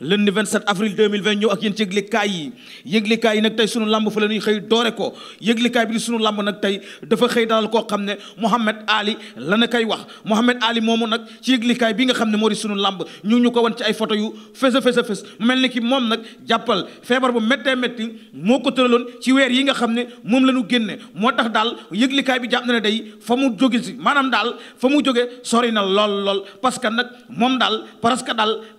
lundi 27 avril 2020 ñëw ak yéen ci yëglikaay yi yëglikaay yi nag tey sunu lamb fa la ñuy xëy doore ko yëglikaay bi di sunu lamb nag tey dafa xëy dalal koo xam ne Mouhamed Ali na koy wax Mouhamed nga xam ne moo di sunu lamb ñu ngi ñu ko wan ci ay photo yu fés a fés a fés mel ni ki moom nag jàppal moo ko tëraloon ci weer yi nga xam ne moom la ñu génne moo tax daal yëglikaay bi jàpp na ne day fa mu jóge si maanaam daal fa mu jóge sori na lool lool parce que nag moom daal parce que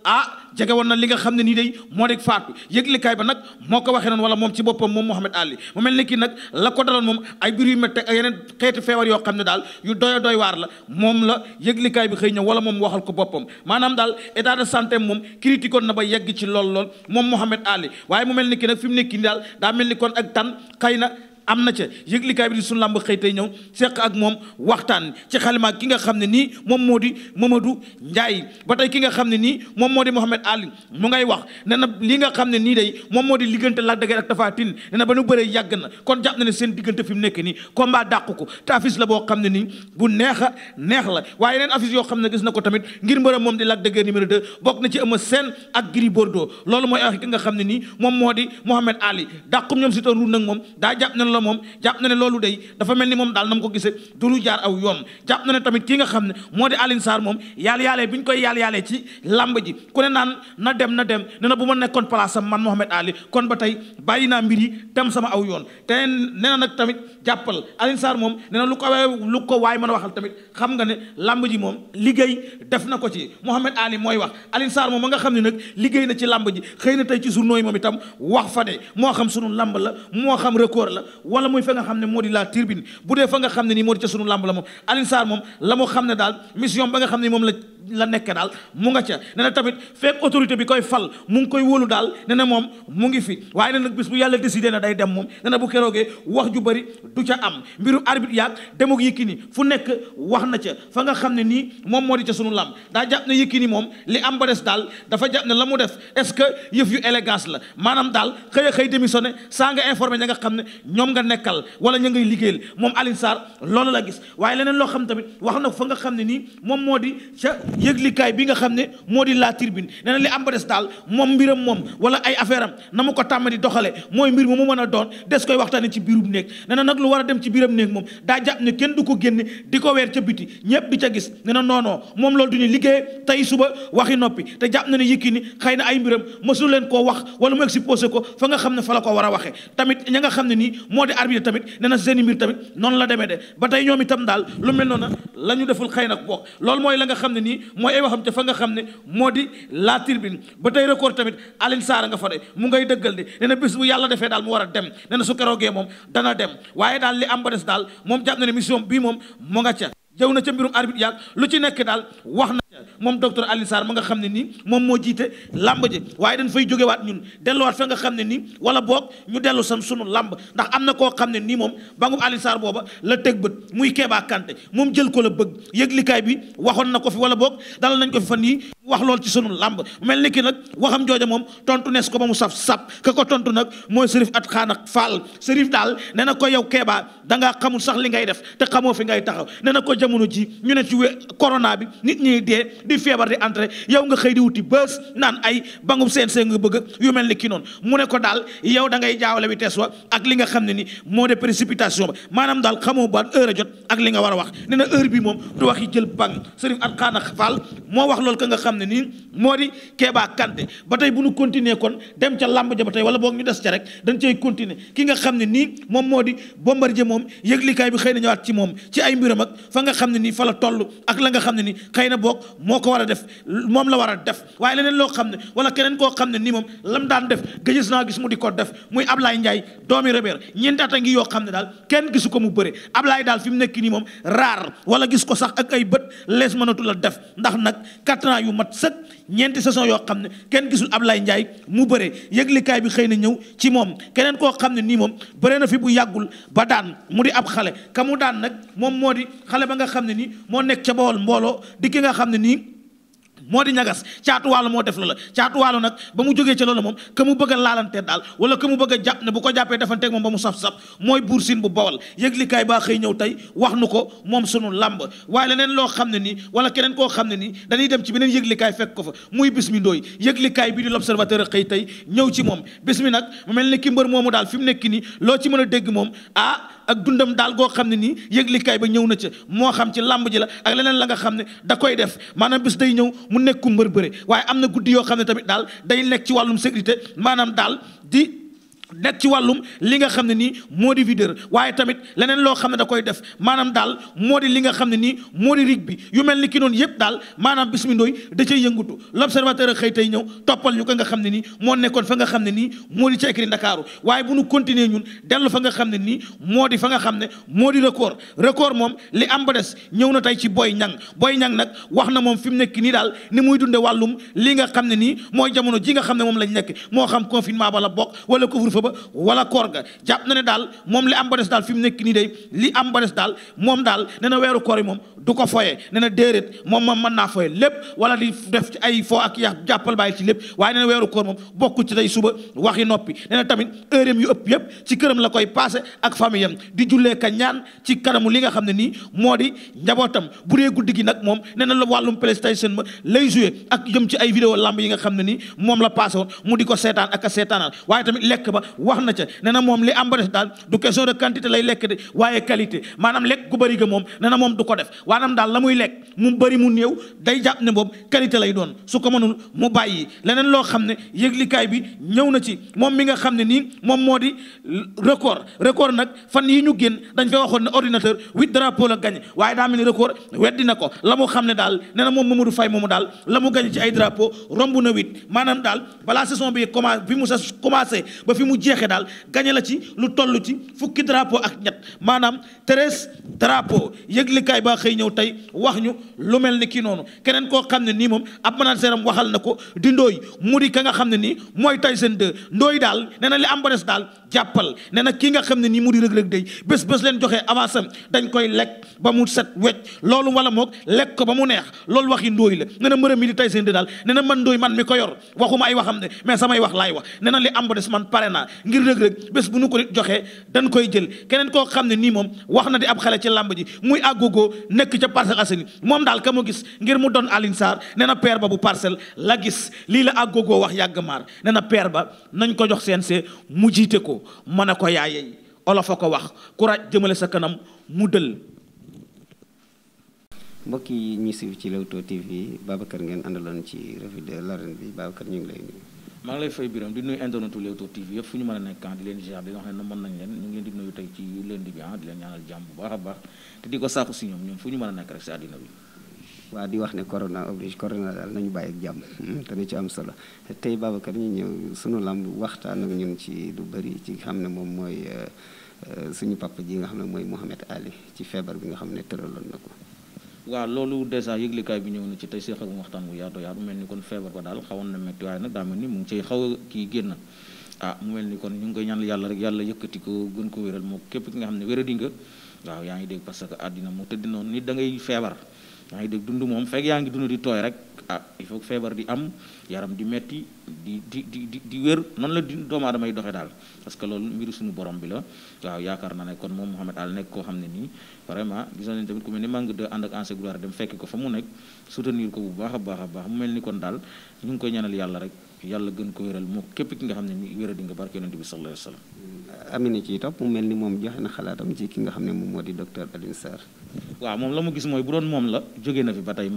ah jege woon na li nga xam ne nii day moo deg faatu yëglikaay ba nag moo ko waxee noonu wala moom ci boppam moom Mouhamed Ali mu mel ni kii nag la ko daloon moom ay biir yu métte ak yeneen xeeti feebar yoo xam ne daal yu doy doy waar la moom la yëglikaay bi xëy ñëw wala moom waxal ko boppam maanaam daal état de santé moom critiquoon na ba yegg ci lool lool moom Mouhamed Ali waaye mu mel ni kii nag fi mu nekk daal daa mel ni kon ak tan xëy na am na ca yëglikaay bi di sunu làmb xëy tey ñëw seq ak moom waxtaan ci xalima ki nga xam ne nii moom moo di Mamadou Ndiaye ba tey ki nga xam ne nii moom moo di Mouhamed Ali mu ngay wax ne na li nga xam ne nii day moom moo di liggante Lac de Guiers ak Tapha Tine ne kon jàpp na ne seen diggante fi mu nekk nii combat dàq ko te la xam ne nii bu a neex la waaye yeneen affiche yoo xam ne gis na ko tamit ngir mbërëm moom di Lac de bokk na ci loolu mooy wax nga xam ne nii moom moo di Mouhamed Ali dàqum ñoom si toon ru moom moom jàpp na ne loolu dey dafa mel ni moom daal na mu ko gisee du lu jaar aw yoon jàpp na ne tamit ki nga xam ne moo di alin saar moom yàlla yàlla ñu koy yàlla yàlla ci làmb ji ku naan na dem na dem ne na bu ma nekkoon place am man Mouhamed Ali kon ba tey bàyyi naa mbir yi dem sama aw yoon te nee nag tamit jàppal Alioune Sarr moom nee lu ko lu ko waay mën a waxal tamit xam nga ne làmb ji moom liggéey def na ko ci Mouhamed Ali mooy wax Alioune Sarr moom ma nga xam ne nag liggéey na ci làmb ji xëy na tey ci journaux yi moom itam wax fa ne moo xam sunu làmb la moo xam record la wala muy fa nga xam ne moo di la tribune bu dee fa nga xam ne nii moo di ca sunu làmb la moom Alioune Sarr moom xam ne daal mission ba nga xam ne moom la la nekk daal mu nga ca nee na tamit fekk autorité bi koy fal mu ngi koy wóolu daal nee na moom mu ngi fi waaye nee bis bu yàlla décidé na day dem moom nee bu keroogee wax ju bari du ca am mbirum arbitre yaag demog Yékini fu nekk wax na ca fa nga xam ne nii moom moo di ca sunu lam daa jàpp ne Yékini moom li am ba des daal dafa jàpp ne la mu def est-ce que yëf yu élégance la maanaam daal xëy a xëy démissionné saa nga xam ne ñoom nga nekkal wala ña ngay liggéeyal moom Alioune loolu la gis waaye leneen loo xam tamit wax na fa nga xam ne nii moom moo di ca yëglikaay bi nga xam ne moo di la tribune nee na li am ba des daal moom mbiram moom wala ay affaire am ko tàmm di mooy mbir mu mu mën a doon des koy waxtaane ci biirum néeg nee na nag lu war a dem ci biiram néeg moom daa jàpp ne kenn du ko génne di ko weer ca biti ñëpp di ca gis nee na noonoo moom lool du ñu liggéey tey suba waxi noppi te jàpp na ne Yékini xëy na ay mbiram mësu leen koo wax wala mu exposé ko fa nga xam ne fa la ko war a waxee tamit ña nga xam ne nii moo di arbitre tamit nee na seeni mbir tamit noonu la demee de ba tey ñoom itam daal lu mel la ñu deful xëy na bokk loolu mooy la nga xam ne nii nii mooy ay waxam nga xam ne moo di la tribune ba tey record tamit Alioune Sarr nga fa de mu ngay dëggal de nee na bés bu yàlla defee daal mu war a dem nee na su moom dana dem waaye daal li am daal moom jàpp na ne mission bii moom mu nga ca jëw na ca mbirum arbitre yàlla lu ci nekk daal wax na moom docteur Alioune Sarr ma nga xam ne nii moom moo jiite làmb ji waaye dañ fay jógewaat ñun delluwaat fa nga xam ne nii wala boog ñu dellu sam sunu làmb ndax am na koo xam ne nii moom ba ngub Alioune Sarr booba la teg bët muy Kéba Kanté moom jël ko la bëgg yëglikaay bi waxoon na ko fi wala boog dalal nañ ko fi fan yii ci sunu làmb mel ni ki nag waxam jooja moom tontu nees ko ba mu saf sap ka ko tontu nag mooy Serif at xaana Fall Serif daal nee na ko yow Kéba danga xamul sax li ngay def te xamoo fi ngay taxaw nee na ko di feebar di entré yow nga xëy di wuti bës naan ay bangu seen seen nga bëgg yu mel ni ki noonu mu ne ko daal yow da ngay jaawale vitesse wa ak li nga xam ne ni moo de précipitation maanaam daal xamoo ba heure a jot ak li nga war a wax nee na heure bi moom wax yi jël bang sëriñ at xaana faal moo wax loolu ka nga xam ne nii moo di Kéba Kanté ba tey bu ñu continuer kon dem ca làmb ja wala boog ñu des ca rek dañ cay continuer ki nga xam ne nii moom moo di Bombardier moom yëglikaay bi xëy na ñëwaat ci moom ci ay mbiram ak fa nga xam ne nii fa la toll ak la nga xam ne ni xëy na boog moo ko war a def moom la war a def waaye leneen loo xam ne wala keneen koo xam ne ni moom lam daan def gëjës naa gis mu di ko def muy Ablaye Ndiaye doomi Rebeer ñeenti at a ngi yoo xam ne daal kenn gisu ko mu bëre Ablaye daal fi mu nekk nii moom raar wala gis ko sax ak ay bët lees mënatu la def ndax nag quatre yu mat sëkk ñeenti saison yoo xam ne kenn gisul lay Ndiaye mu bëre yëglikaay bi xëy na ñëw ci moom keneen koo xam ne nii moom bëre na fi bu yàggul ba daan mu di ab xale ka mu daan nag moom moo di xale ba nga xam ne nii moo nekk ca Bawol mbooloo di ki nga xam ne nii moo di ñagas caatuwaalo moo def loola caatuwaalo nag ba mu jógee ca loola moom que mu bëgg a laalantee daal wala que mu bëgg a jàpp ne bu ko jàppee defanteeg moom ba mu saf-saf mooy buur siin bu bawal yëglikaay ba xëy ñëw tey wax nu ko moom sunu làmb waaye leneen loo xam ne nii wala keneen koo xam ne nii dañuy dem ci beneen yëglikaay fekk ko fa muy bis mi ndooy yëglikaay bi di l'observateur xëy tey ñëw ci moom bis mi nag mu mel ni ki mbër moomu daal fi mu nekk nii loo ci mën a dégg moom ah ak dundam daal goo xam ne nii yëglikaay ba ñëw na ca moo xam ci làmb ji la ak leneen la nga xam ne da koy def maanaam bis day ñëw mu nekk ku mbër bëre waaye am na guddi yoo xam ne tamit daal day nekk ci wàllum sécurité maanaam daal di nekk ci wàllum li nga xam ne nii moo di videur waaye tamit leneen loo xam ne da koy def maanaam daal moo di li nga xam ne nii moo di rig bi yu mel ni ki noonu yëpp daal maanaam Bismi Ndoye da cay yëngutu l' observateur xëy tey ñëw toppal ñu ko nga xam ne nii moo nekkoon fa nga xam ne nii moo di ca écrit Ndakaaru bu nu continuer ñun dellu fa nga xam ne nii moo di fa nga xam ne moo di record record moom li am ba ñëw na tey ci Boy Niang Boy Niang nag wax na moom fi mu nekk nii daal ni muy dunde wàllum li nga xam ne nii mooy jamono ji nga xam ne moom lañ nekk moo xam confinement bala bokk wala couvre wasifa ba wala koor ga jàpp na ne daal moom li am ba des daal fi mu nekk nii day li am ba des daal moom daal nee weeru koor yi moom du ko foye nee na déeréet moom moom mën naa foye lépp wala di def ci ay foo ak yàq jàppal bàyyi ci lépp waaye nee weeru koor moom bokku ci suba waxi noppi nee tamit heurem yu ëpp yëpp ci këram la koy passé ak famille am di jullee ka ñaan ci kanamu li nga xam ne nii moo di njabootam bu dee guddi gi nag moom na la wàllum PlayStation ma lay joué ak jëm yi nga xam ne nii la passé woon mu di ko seetaan ak a seetaanal waaye wax na ca nee moom li am ba des daal du question de quantité lay lekk de waaye qualité maanaam lekk gu bëri ga moom nee na moom du ko def waanaam daal la muy lekk mu bari mu néew day jàpp ne boobu qualité lay doon su ko mënul mu bàyyi leneen loo xam ne yëglikaay bi ñëw na ci moom mi nga xam ne nii moom moo di record record nag fan yi ñu génn dañ fa waxoon ne ordinateur huit drapeau la gañe waaye daa mel ni record weddi na ko la mu xam ne daal nee na moom Mamadou Faye moomu daal la mu gañe ci ay drapeau romb na huit maanaam daal balaa saison jeexe daal gañe la ci lu toll ci fukki drapo ak ñett maanaam treize drapeau yëglikaay baa xëy ñëw tey wax ñu lu mel ni kii noonu keneen koo xam ne nii moom ab manager am waxal na ko di ndooy mu di ka nga xam ne nii mooy tay Tyson 2 ndooy daal nee na li am ba daal jàppal ne na kii nga xam ne nii mu di rëg-rëg day bés bés leen joxee avance am dañ koy lekk ba mu set wecc loolu wala moog lekk ko ba mu neex loolu waxi ndóoy la ne na mi di tay seen di daal ne na man ndóoy man mi ko yor waxuma ay waxam ne mais samay wax laay wax ne na li am ba des man pare naa ngir rëg-rëg bés bu nu ko joxee dañ koy jël keneen koo xam ne nii moom wax na di ab xale ci làmb ji muy àggogoo nekk ca Parcelles Assainies moom daal ka mu gis ngir mu doon Alioune Sarr ne na père ba bu la gis lii la àggogoo wax yàgg maar ne na ba nañ ko jox CNG mu jiite ko ko mën a ko yaayey olof a ko wax ku raj jëmale sa kanam mu dël mbokk yi ñu siiw ci Leewtoo TV Babacar ngeen àndaloon ci revue de l'arène bi Babacar ñu ngi lay nuyu. maa ngi lay fay biram di nuyu internetu Leewtoo TV yëpp fu ñu mën a nekk ah, di leen ziar di wax ne mën nañ leen ñu ngi leen di nuyu tey ci lundi bi ah di leen ñaanal jàmm baax a baax te di ko saaku si ñoom ñoom fu ñu mën a nekk rek si àddina bi. waa di wax ne corona oblige corona daal nañu bàyyi ak jàmm dana hmm, ci am solo tey Babacar ñu ñëw sunu làmb waxtaan ak ñun ci lu bëri ci xam ne moom mooy euh, euh, suñu papa ji nga xam ne mooy Mouhamed Ali ci feebar bi nga xam ne tëraloon na ko. waaw loolu dèjà yëglikaay bi ñëw na ci tey seex ak waxtaan bu yaatu yaatu mel ni kon feebar ba daal xawoon na métti waaye nag daa mel ni mu ngi xaw a kii génn ah mu mel ni kon ñu ngi koy ñaanal yàlla rek yàlla yëkkati ko gën ko wéral moo képp ki nga xam ne wéradi nga waaw yaa ngi dégg parce que àddina tëdd noonu nit da ngay feebar yaa ngi dégg dund moom fekk yaa ngi dund di tooy rek ah il faut feebar di am yaram di metti di di di di di wér noonu la di doomu aadama yi daal parce que loolu mbiru suñu borom bi la waaw yaakaar naa ne kon moom Mouhamed Al nekk koo xam ne nii vraiment gisoon nañ tamit ku mel ni manque de ànd ak anse gloire dem fekk ko fa mu nekk soutenir ko bu baax a baax a baax mu mel ni kon daal ñu ngi koy ñaanal yàlla rek yàlla gën ko wéral moo képp ki nga xam ne ni wéra di nga barke yonent bi sallallahu alayhi wa sallam amina ci topp mu mel ni moom joxe na xalaatam ci ki nga xam ne moom moom la mu na fi ba tey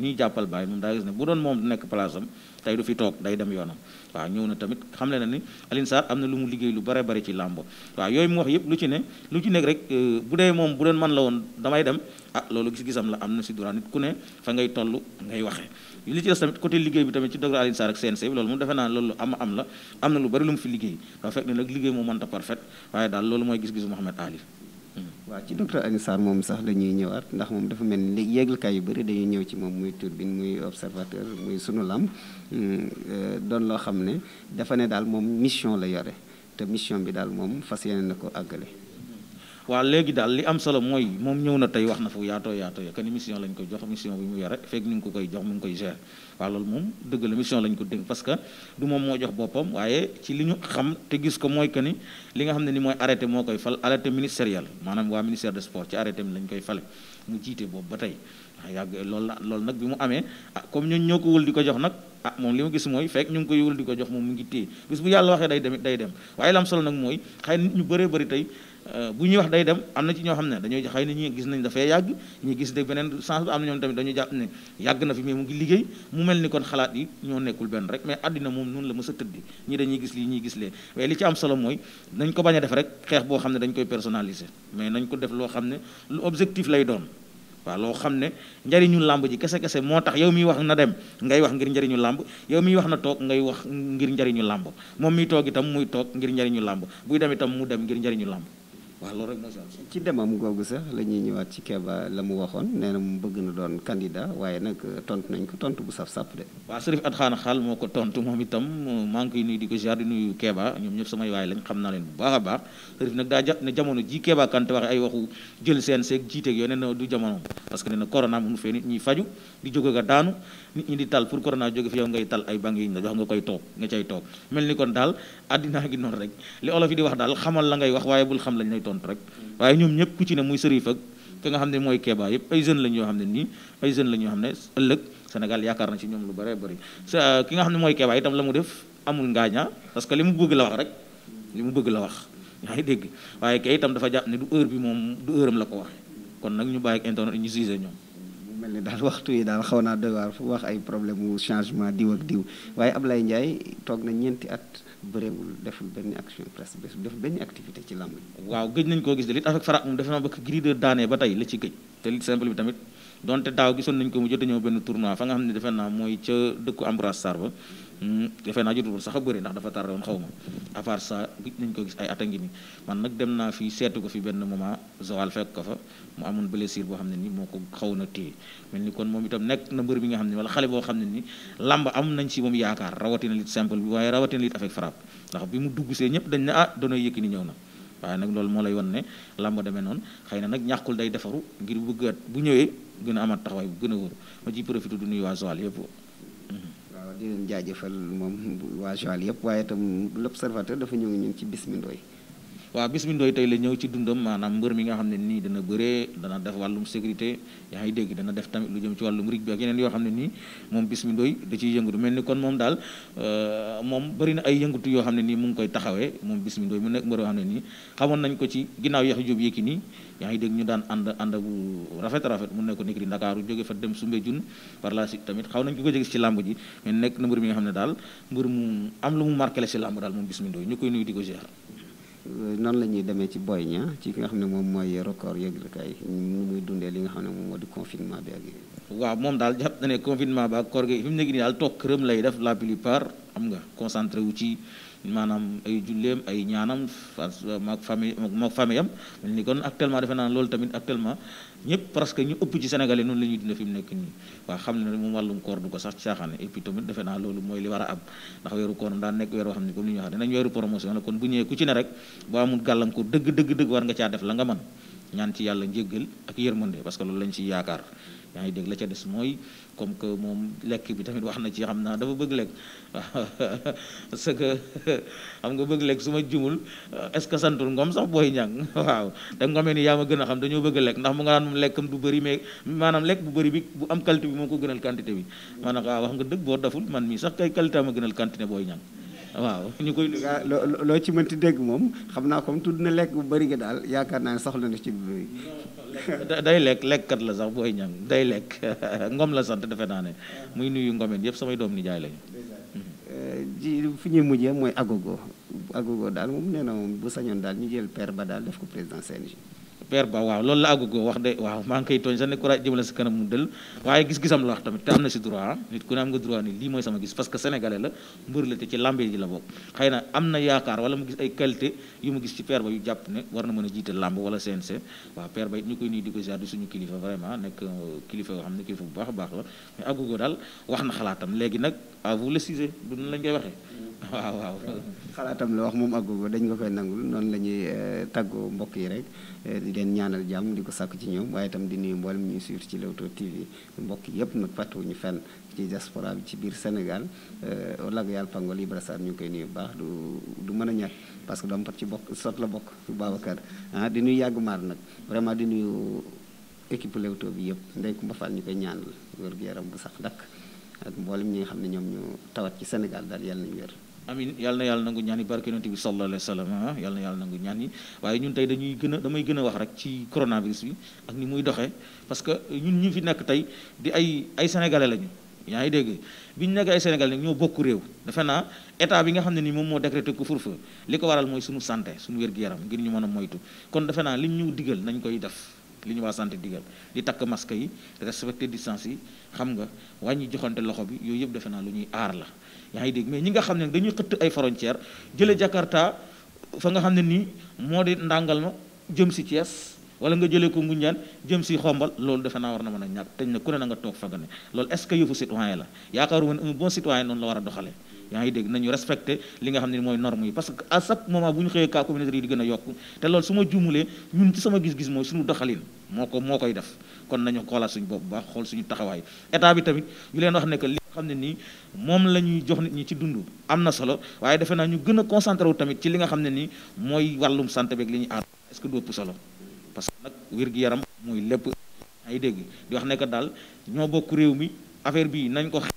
moom daa gis ne bu doon moom nekk place tey du fi toog day dem yoonam waaw ñëw na tamit xam le na ni Alioune am na lu mu liggéey lu bare bari ci làmb waaw yooyu mu wax yëpp lu ci ne lu ci nekk rek euh, bu dee moom bu doon man la woon damay dem ah loolu gis-gisam la am na si droit nit ku ne fa ngay toll ngay waxee li ci des tamit côté liggéey bi tamit ci docteur Alioune Sarr ak CNC bi loolu moom defe naa loolu ama am la am na lu bari lu mu fi liggéey daa fekk ne nag liggéey moo mënta parfait waaye mooy gis-gisu Mouhamed Ali hmm. waaw ci docteur Alioune Sarr sax la ñëwaat ndax moom dafa mel ni yéeglekaay yu bëri dañuy ñëw ci moom muy turbine muy observateur muy sunu lam hmm, euh, doon loo xam ne dafa ne daal moom mission la yore te mission bi daal moom fas yéene na ko àggale waaw léegi daal li am solo mooy moom ñëw na tey wax na fu yaatoo yaatoo ya kan mission lañ ko jox mission bi mu yore fekk ni ko koy jox mu ngi ko parce que moom moo jox boppam waaye ci li ñu gis ko mooy que ni li nga xam ne ni mooy arrêté moo koy fal arrêté ministériel maanaam waa ministère de sport ci arrêté mi lañ koy fale mu jiite boobu ba loolu la loolu mu amee ah comme ñun ñoo ko ko jox nag ah moom li ma gis mooy fekk ñu ngi di ko jox moom mu ngi téye bis bu yàlla waxee day dem day dem waaye la am solo nag mooy xëy nit ñu bëree bëri tey Euh, bu ñuy wax day dem am na ci ñoo xam ne dañoo xëy ni ñi gis nañ dafay yàgg ñu gis de beneen sens bi am na ñoom tamit dañu jàpp ne yàgg na fi mais mu ngi liggéey mu mel ni kon xalaat yi ñoo nekkul benn rek mais àddina moom noonu la mës a tëddi ñi dañuy gis lii ñuy gis lee waaye li ci am solo mooy nañ ko bañ a def rek boo xam ne dañ koy personnaliser mais nañ ko def loo xam ne lu objectif lay doon waaw loo ne njariñu làmb ji kese kese moo tax yow miy wax na dem ngay wax ngir njariñu làmb yow miy wax na toog ngay wax ngir njariñu làmb moom miy toog itam muy toog ngir njariñu làmb buy dem itam mu dem ngir njariñu làmb waaw loolu rek moo ci demam googu sax la ñuy ñëwaat ci Keba la mu waxoon nee na mu bëgg na doon candidat waaye nag euh, tontu nañ ko tontu bu saf-sàpp de waaw Serif Atxaan Xaal moo ko tontu moom itam maa ngi koy nuyu di ko jaar di nuyu Keba ñoom ñëpp samay waay lañ xam naa leen bu baax a baax Serif nag daa ne jamono ji Keba Kante waxe ay waxu jël seen seeg jiiteeg yooyu nee na du jamono parce que nee na corona mënu fee nit ñuy faju di jóg ak a daanu nit ñi di tal pour corona jóge fi yow ngay tal ay banque yi jox nga koy toog nga cay toog mel ni kon daal àddinaa gi noonu rek li olof yi di wax daal xamal la ngay wax waaye bul xam lañ lay tontu rek waaye ñoom ñëpp ku ci ne muy sërif ak ki nga xam ne mooy keebaa yëpp ay jeunes lañ yoo xam ne nii ay jeunes lañ yoo xam ne ëllëg Sénégal yaakaar na ci ñoom lu bare bëri ki nga xam ne mooy keebaa itam la mu def amul ngaañaa parce que li mu bëgg la wax rek li mu bëgg la wax yaa ngi dégg waaye kay itam dafa jàpp ne du heure bi moom du heure la ko wax kon nag ñu bàyyi ak internet ñu ñoom mel ni daal waxtu yi daal xaw naa doy waar fu wax ay problème wu changement diw ak diw waaye Ablaye Ndiaye toog na ñeenti at bëreewul deful benn action presse bés def benn activité ci làmb waaw gëj nañu koo gis de lit avec Farak moom defe naa bëgg gris de daanee ba tey la ci gëj te lit simple bi tamit donte daaw gisoon nañ ko mu jot a ñëw benn tournoi fa nga xam ne defe naa mooy ca dëkku Ambroise ba Mm, defe naa jotul sax a bëri ndax dafa tardé woon xaw ma à part ça gis nañ ko gis ay at a ngi nii man nag dem naa fi seetu ko fi benn moment Joal fekk ko fa mu amoon blessure boo xam ne nii moo ko xaw na téye mel ni kon moom itam nekk na mbër bi nga xam ne wala xale boo xam ne nii làmb am nañ ci moom yaakaar rawatina lit simple waaye rawatina lit avec frappe ndax bi mu ñëpp dañ ne ah doonay Yékini ñëw na. waaye nag loolu moo la yoon ne làmb demee noonu xëy na nag ñàkkul day defaru ngir bëggaat bu ñëwee gën a amaat taxawaay bu gën a wóor ma ciy profité du nuyu waa Joal yëpp. waaw di jaajëfal moom waa Joal yëpp waaye itam l'observateur dafa ñëw ñun ci bis mi waaw bis tey la ñëw ci dundam maanaam mbër mi nga xam ne nii dana bëree dana def wàllum sécurité yaa ngi dégg dana def tamit lu jëm ci wàllum rig bi yoo xam ne nii moom bis bi ndooy da ciy yëngatu mel ni kon moom daal euh, moom bëri na ay yëngatu yoo xam ne nii mu ngi koy taxawee moom bis mu nekk mbër yoo xam ne xamoon nañ ko ci ginnaaw yax jób yéeki nii yaa ngi dégg ñu daan ànd ànd bu rafet mu nekk nekk di Ndakaaru jóge fa dem sumbe jun par la tamit xaw nañ ko ko jege ci làmb ji mais nekk na mbër mi nga xam ne daal mbër mu am lu mu marqué la ci làmb daal moom bis ñu koy nuyu di ko ziar noonu la ñuy demee ci Boy Niang ci ki nga xam ne moom mooy record yëglekaay nu muy dundee li nga xam ne moom moo di confinement bi ak yooyu. moom daal jàpp na ne confinement ba ak koor gi fi mu nekk nii daal toog këram lay def la plupart am nga concentré wu ci. maanaam ay julleem ay ñaanam maag famille maag am mel ni kon actuellement defe naa loolu tamit actuellement ñëpp parce que ñu ëpp ci sénégalais noonu la ñuy dund fi mu nekk nii waa xam ne moom wàllum koor du ko sax caaxaane et puis tamit defe naa loolu mooy li war a am ndax weeru koor daan nekk weer woo xam ne comme li ñu wax dinañ weeru promotion la kon bu ñëwee ku ci ne rek boo amul gàllankoor dëgg dëgg dëgg war nga caa def la nga man ñaan ci yàlla njéggal ak yërmande parce que loolu lañ ci yaakaar yaa ngi dégg la ca des mooy comme que moom lekk bi tamit wax na ci xam naa dafa bëgg lekk waaw xam nga bëgg lekk su ma jumul est ce que santul ngoom sax booy ñàng waaw da nga xamee yaa ma gën a xam dañoo bëgg lekk ndax mu nga naan moom lekkam du bëri mais maanaam lekk bu bëri bu am qualité bi moo ko gënal quantité bi maanaam waaw wax nga dëgg boo daful man mii sax kay qualité a gënal quantité booy ñàng waaw ñu koy ah, loo ci mënti dégg moom xam naa comme tudd na lekk bu bëri gi daal yaakaar naa ne soxla na ci bi day lekk lekkat la sax booy ñam day lekk ngom la sant defe naa ne muy nuyu ngomeen yëpp samay doom ni jaay lañu eh, ji fi ñuy mujjee mooy agogo agogo daal moom nee na moom bu sañoon daal ñu jël père ba daal def ko président CNG père ba waaw loolu la àggugoo wax de waaw maa ngi koy tooñ sax ne courage jëmale sa kanam mu dël waaye gis-gisam la wax tamit te am na si droit nit ku ne am nga droit ni lii mooy sama gis parce que sénégalais la mbër te ci lambe ji la bokk xëy na am na yaakaar wala mu gis ay qualité yu mu gis ci père ba yu jàpp ne war na mën a jiite lamb wala CNC waaw père ba it ñu koy nuyu di ko ziar suñu kilifa vraiment nekk euh, kilifa yoo xam ne kilifa bu baax a baax la mais àggugoo daal wax na xalaatam léegi nag à vous le sujet du lañ koy waxee mm. waaw waaw xalaatam la wax moom àggugoo dañ nga koy nangul noonu la ñuy euh, tàggoo mbokk yi rek euh, leen ñaanal jàmm di ko sàkk ci ñoom waaye tam di nuyu mboolem ñuy suivre ci Leewtoo TV mbokk yépp nag ñu fen ci diaspora bi ci biir Sénégal euh, lag yàlla pangol Ibra Sarr ñu ngi koy nii bu baax du du mën a ñàkk parce que doom pat ci bokk sot la bokk Babacar ah di nuyu yàgg maar nag vraiment di nuyu équipe Leewtoo bi yëpp ndey Kumba Fall ñu koy ñaanal wér gu yaram bu sax dakk ak mboolem ñi nga xam ne ñoom ñu tawat ci Sénégal daal yàlla nañu wér amin yàlla na yàlla nangu ñaan yi barke yonent bi sallallahu alayhi wa sallam ah, yàlla na ñaan yi waaye ñun tey dañuy gën a damay gën a wax rek ci coronavirus bi ak ni muy doxee parce que ñun ñu fi nekk tey di ay ay sénégalais lañu yaa ngi dégg bi ñu nekk ay sénégalais ñoo bokk réew defe naa état bi nga xam ne ni moom moo décrété ko couvre-feu li ko waral mooy suñu santé suñu wér-gu-yaram ngir ñu mën a moytu kon defe naa li ñu digal nañ koy def li ñu waa santé digal di takk masque yi respecté distance yi xam nga wàññi joxante loxo bi yooyu yëpp defe naa lu ñuy aar la yaa ngi dégg mais ñi nga xam ne dañuy xëtt ay frontière jële Jakarta fa nga xam ne nii moo de ndàngal ma jëm si Thiès wala nga jëlee ko Ngoundiane jëm si xombal loolu defe naa war na mën a ñàkk teñ na ku ne na nga toog fa nga ne loolu est ce que yëfu citoyen la yaakaaru ma ne un bon citoyen noonu la war a doxalee yaa ngi dégg nañu respecté li nga xam ne mooy norme yi parce que à chaque moment bu ñu xëyee cas communautaire yi di gën a yokk te loolu su ma juumulee ñun ci sama gis-gis mooy suñu doxalin moo ko moo koy def kon nañu xoolaat suñu bopp baax xool suñu taxawaay état bi tamit ñu leen wax ne que li nga xam ne nii moom la jox nit ñi ci dund am na solo waaye defe naa ñu gën a concentré wu tamit ci li xam ne nii mooy wàllum santé beeg li ñuy aar est-ce que du ëpp solo parce que nag wér-gi-yaram mooy lépp ngi dégg di wax ne que daal ñoo bokk réew mi affaire bii nañ ko xeex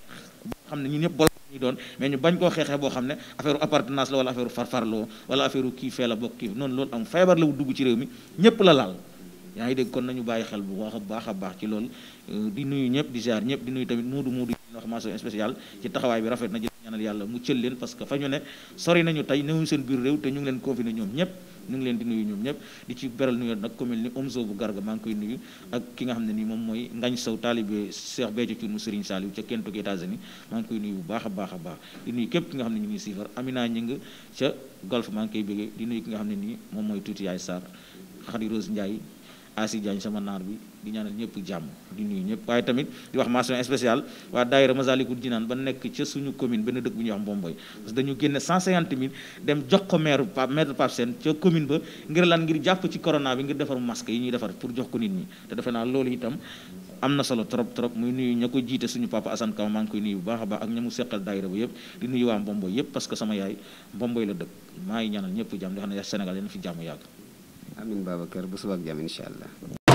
xam ne ñun ñëpp ñu doon mais ñu bañ koo xeexee boo xam ne affaire appartenance la wala affaire farfarloo wala affaire kii fee la bokk kii noonu loolu am feebar la bu dugg ci réew mi ñépp la laal yaa ngi dégg kon nañu bàyyi xel bu baax a baax ci loolu euh, di nuyu ñëpp di ziar ñëpp di nuyu tamit muudu muudu ñoo xam mention spéciale ci taxawaay bi rafet na jël ñaanal yàlla mu cël leen parce que fa ñu ne sori nañu tey newuñu seen biir réew te ñu ngi leen confiné ñoom ñëpp ñu ngi leen di nuyu ñoom ñëpp di ci beral nuyu nag commune ni Omzo bu Garga maa ngi koy nuyu ak ki nga xam ne nii moom mooy Ngañ Sow taalibe Cheikh Béthio Thioune Serigne Saliou ca Kentucky États-Unis maa ngi koy nuyu bu baax a baax a baax di nuyu képp ki nga xam ne ñu ngi siifar Amina Ñing ca Golf maa ngi koy bëggee di nuyu ki nga xam ne nii moom mooy tuuti yaay Sarr Khady Rose Ndiaye Asi Diagne sama naar bi di ñaanal ñëpp jàmm di nuyu ñëpp waaye tamit di wax mention spéciale waa daayira Masalikul Jinaan ba nekk ca suñu commune benn dëkk bu ñuy wax Mbomboy parce que dañu génne 150 000 dem jox ko maire commune ba ngir lan ngir jàpp ci corona bi ngir defar masque yi ñuy defar pour jox ko nit ñi te defe naa na solo trop trop muy nuyu ña ko suñu papa Assane Kaw maa ngi koy nuyu bu baax a baax ak ña mu seqal daayira ba yëpp di sama yaay Mbomboy la dëkk maa ngi ñaanal ñëpp jàmm di xam ne Sénégal yéen fi jàmm yàgg amin Babacar bu subaak jàmm incha allah.